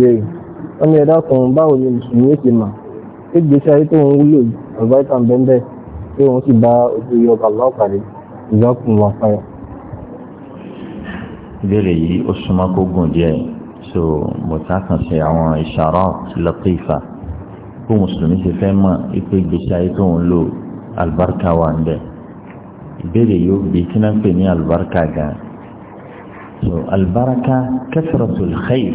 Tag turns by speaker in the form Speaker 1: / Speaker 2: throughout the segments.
Speaker 1: ìbéèrè wọ́n ní ẹ̀dá kan báwo ni mùsùlùmí ti mà pé gbèsè ayé tó ń wúlò àgbáyétà ń bẹ́ńbẹ́ pé wọ́n sì bá ojú iye ọba lọ́pàdé ìyọ́kùn wà fáyà. ìbéèrè yìí ó súnmọ́ kó gùn díẹ̀ so mo ta kàn sí àwọn ìṣàrọ̀ lọ́kìfà kó mùsùlùmí ti fẹ́ mọ̀ pé gbèsè ayé tó ń lò àlùbáríkà wà ń bẹ̀ ìbéèrè yìí ó bí kí náà pè ní àlùbáríkà gan so àlùbáríkà kẹsàrọ̀tò xeyìí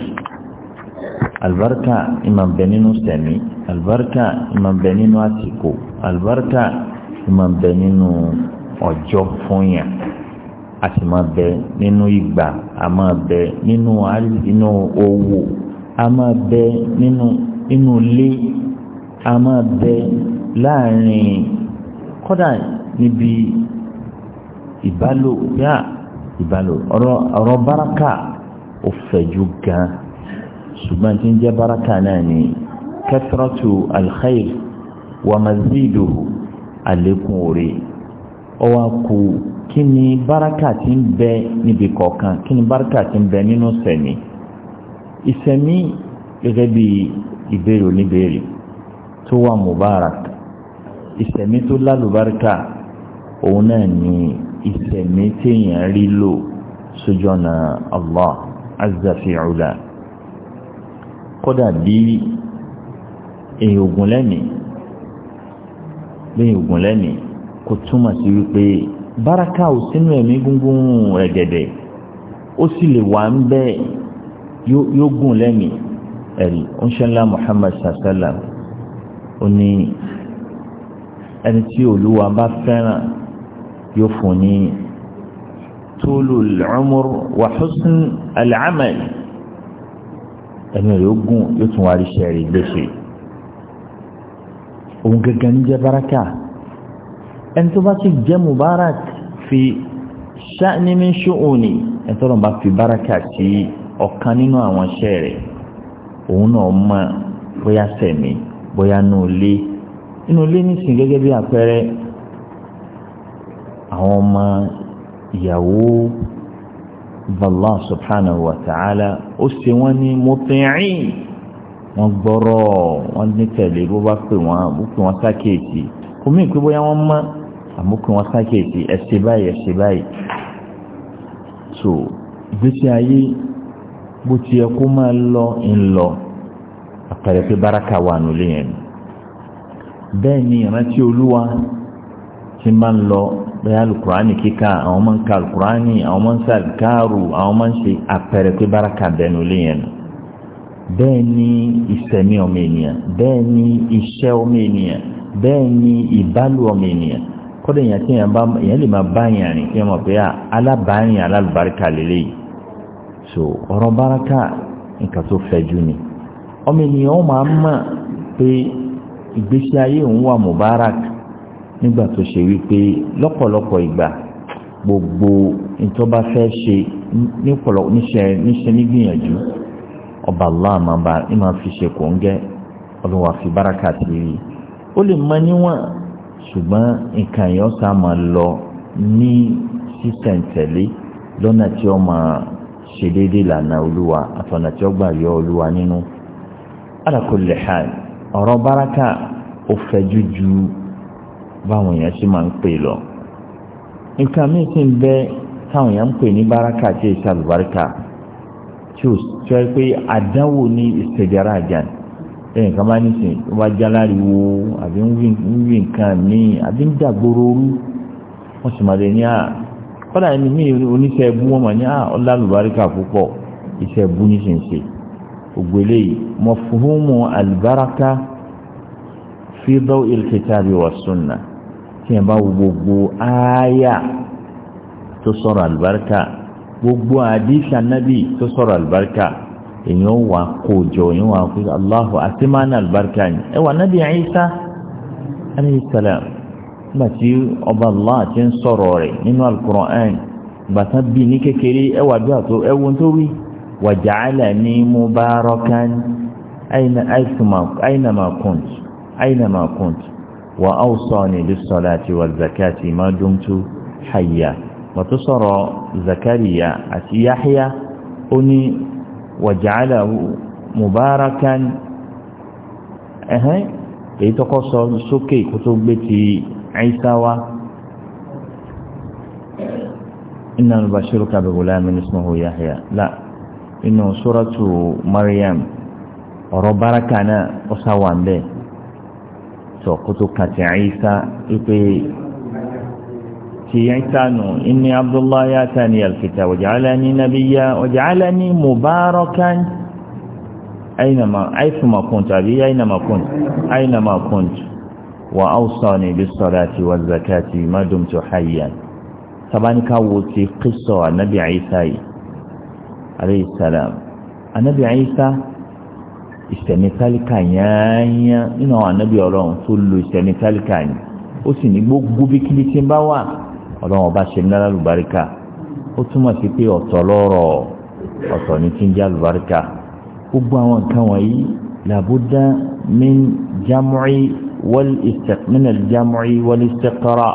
Speaker 1: àlùbáríkà ìmọ̀ bẹ nínú sẹ̀mí àlùbáríkà ìmọ̀ bẹ nínú àsìkò àlùbáríkà ìmọ̀ bẹ nínú ọjọ́ fún yàn a sì máa bẹ nínú ìgbà a máa bẹ nínú owó a máa bẹ nínú ilé a máa bẹ láàrin kódà níbi ìbálò yá ìbálò ọ̀rọ̀ baraka ó fẹ̀jú gan ṣùgbọ́n tí ń jẹ́ baraka náà ni kẹtọ́rọ́tù alkhair wa mazidu alekun ore ó wá kù kí ni baraka tí ń bẹ níbi kọ̀ọ̀kan kí ni baraka tí ń bẹ nínú sẹ̀mí ìsẹ̀mí gẹ́gẹ́ bí ìbéèrè oníbéèrè tó wà mubarak ìsẹ̀mí tó lálùbáríkà òun náà ni ìsẹ̀mí téèyàn rí lò sójú Allah azza fi ula kódà bí èègùn lẹ́nìí bí èègùn lẹ́nìí kò túmọ̀ sí wípé báraka ò sínú ẹ̀mí gúngún rẹ̀gẹ̀dẹ̀ ó sì lè wà ń bẹ́ yóò gùn lẹ́nìí ẹ̀rí oṣanlá Muhammad sasala ó ní ẹni tí olúwa bá fẹ́ràn yóò fún ní tólù lọ́múr wàhùsùn àlàámẹ́lì ẹ̀mí rẹ̀ ó gùn yóò tún wárí iṣẹ́ rẹ̀ gbèsè òun gẹ́gẹ́ ní jẹ́ baraka ẹni tó bá ti jẹ́ mubarak fi ṣáàní min ṣóòní ẹni tó lọ́n bá fi baraka sí ọ̀kan nínú àwọn iṣẹ́ rẹ̀ òun náà mọ̀ bóyá sẹ̀mí bóyá nù lé inú lé nísìn gẹ́gẹ́ bí àpẹẹrẹ àwọn ọmọ ìyàwó Allah subhanahu wa ta'ala ó ṣe wọ́n ní muti'in wọ́n gbọ́rọ̀ wọ́n ní tẹ̀lé bó bá pè wọ́n bó pè wọ́n sákèèsì omi ìpè bóyá wọ́n mọ́ àmọ́ pé wọ́n sákèèsì ẹ̀sẹ̀ báyìí ẹ̀sẹ̀ báyìí so ìgbésí ayé bó ti yẹ kó máa lọ ń lọ àpẹẹrẹ pé báraka wà nílé yẹn bẹ́ẹ̀ ni ìrántí olúwa ti máa ń lọ bẹ́ẹ̀ alukurani kíkà àwọn máa ń ka alukurani àwọn máa ń sa alukaru àwọn máa ń ṣe apẹ̀rẹ̀ pé baraka bẹ́ẹ̀nu lé yẹn nù bẹ́ẹ̀ ni ìsẹ̀mí ọmọ ènìyàn bẹ́ẹ̀ ni iṣẹ́ ọmọ ènìyàn bẹ́ẹ̀ ni ìbálò ọmọ ènìyàn kọ́dọ̀ èèyàn tí èèyàn lè máa bá èèyàn rìn kí wọ́n mọ̀ pé alábàárìn alálùbáríkà lélẹ́yìí so ọ̀rọ̀ baraka nǹkan tó fẹ̀jú ni ọmọ ènìyàn ó máa mọ̀ pé ìgbésí ayé òun wà mubarak nígbà tó ṣe wípé lọ́pọ̀lọpọ̀ ìgbà gbogbo ìtọ́ba fẹ́ ṣe níṣẹ́ nígbìyànjú ọba Allah máa bá fi ṣe kòńgẹ́ ọlọ́wà fi báraka ti rí ó lè mọ níwọ̀n ṣùgbọ́n nǹkan yẹn ọ̀sán máa lọ ní sísẹ̀ǹtẹ̀lé lọ́nà tí ó máa ṣe déédéé lànà olúwa àtọ̀nà tí ó gbà yọ olúwa nínú. ala kulli ọ̀rọ̀ baraka ó fẹjú báwọn èèyàn ṣe máa ń pè lọ nǹkan míì sì ń bẹ táwọn èèyàn ń pè ní báraka àti ìsàlùbáríkà tí ó sọ pé àdánwò ní ìṣèjára àjàn ẹ̀yìn kan bá nísìn wá jáláriwo àbí ń wí nǹkan míì àbí ń dàgbòrò orú wọ́n sì máa lè ní à kọ́dà ẹni míì oníṣẹ́ ẹbú wọn mà ní à ọlálùbáríkà púpọ̀ iṣẹ́ ẹbú nísìn ṣe ògbó eléyìí mọ̀fúnmù àlùbáraka fi daw il kitabi wa sunna tí yẹn bá wo gbogbo ááyà tó sọ̀rọ̀ àlùbáríkà gbogbo àdìsá nábì tó sọ̀rọ̀ àlùbáríkà èèyàn wà kójọ èèyàn wà kójọ Allahu àti máa ní àlùbáríkà yìí ẹ wà nábì Ìsá alayhi salam nígbà tí ọba Allah ti ń sọ̀rọ̀ rẹ̀ nínú al bàtà bí ní kékeré ẹ wà dúrà tó ẹ wo tó wí wa ja'alani mubarakan aynama kunt aynama kunt. وأوصاني بالصلاة والزكاة ما دمت حيا وتصر زكريا يحيى أني وجعله مباركا أهي إيه تقصر سكي كتبتي عيسى إن نبشرك بغلام اسمه يحيى لا إنه سورة مريم ọ̀rọ̀ أنا أصوان به sọ kótó kàtí àyíṣà wípé ti àyíṣà nù inni abdullahi atani alkita wàjàlani nabiya wàjàlani mubarakan ainama aifuma kuntu àbí ainama kuntu ainama kuntu wa awsani bisalati wa zakati madumtu hayyan tabanika wo ti qissa anabi àyíṣà yìí alayhi salam anabi ìsẹ̀mí tálíkà yányá nínú àwọn ànábì ọlọ́run tó lo ìsẹ̀mí tálíkà yìí ó sì ní gbogbo bí kíbi tí ń bá wà ọlọ́run ọba ṣe nílá lùbáríkà ó túmọ̀ sí pé ọ̀tọ̀ lọ́rọ̀ ọ̀tọ̀ ní tí ń já lùbáríkà gbogbo àwọn nǹkan wọ̀nyí làbúdá min jámọ́ì wọ́n ìsẹ̀mínà jámọ́ì wọ́n ìsẹ̀kọ́rà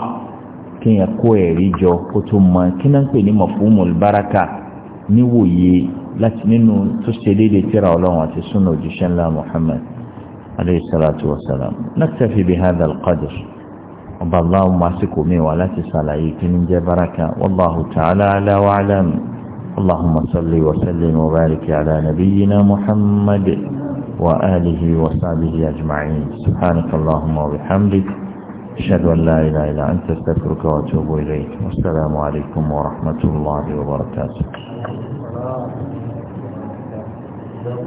Speaker 1: kó ẹ̀rí jọ kó tó mọ kí náà ń pè ní mọ̀fúnmọ̀lùbáríkà níwòye láti nínú tó ṣe déédéé tíra ọlọ́run àti súnà òjíṣẹ́ ńlá muhammad alayhi salatu wa salam naktafi bi hadha alqadr ọba aláwọ̀ màsíkò mi wà láti ṣàlàyé kí ní jẹ́ baraka wàlláhu ta'ala ala wa alam اللهم صل وسلم وبارك على نبينا محمد وآله وصحبه أجمعين سبحانك wa وبحمدك أشهد أن لا إله إلا أنت استغفرك وأتوب إليك والسلام عليكم ورحمة الله وبركاته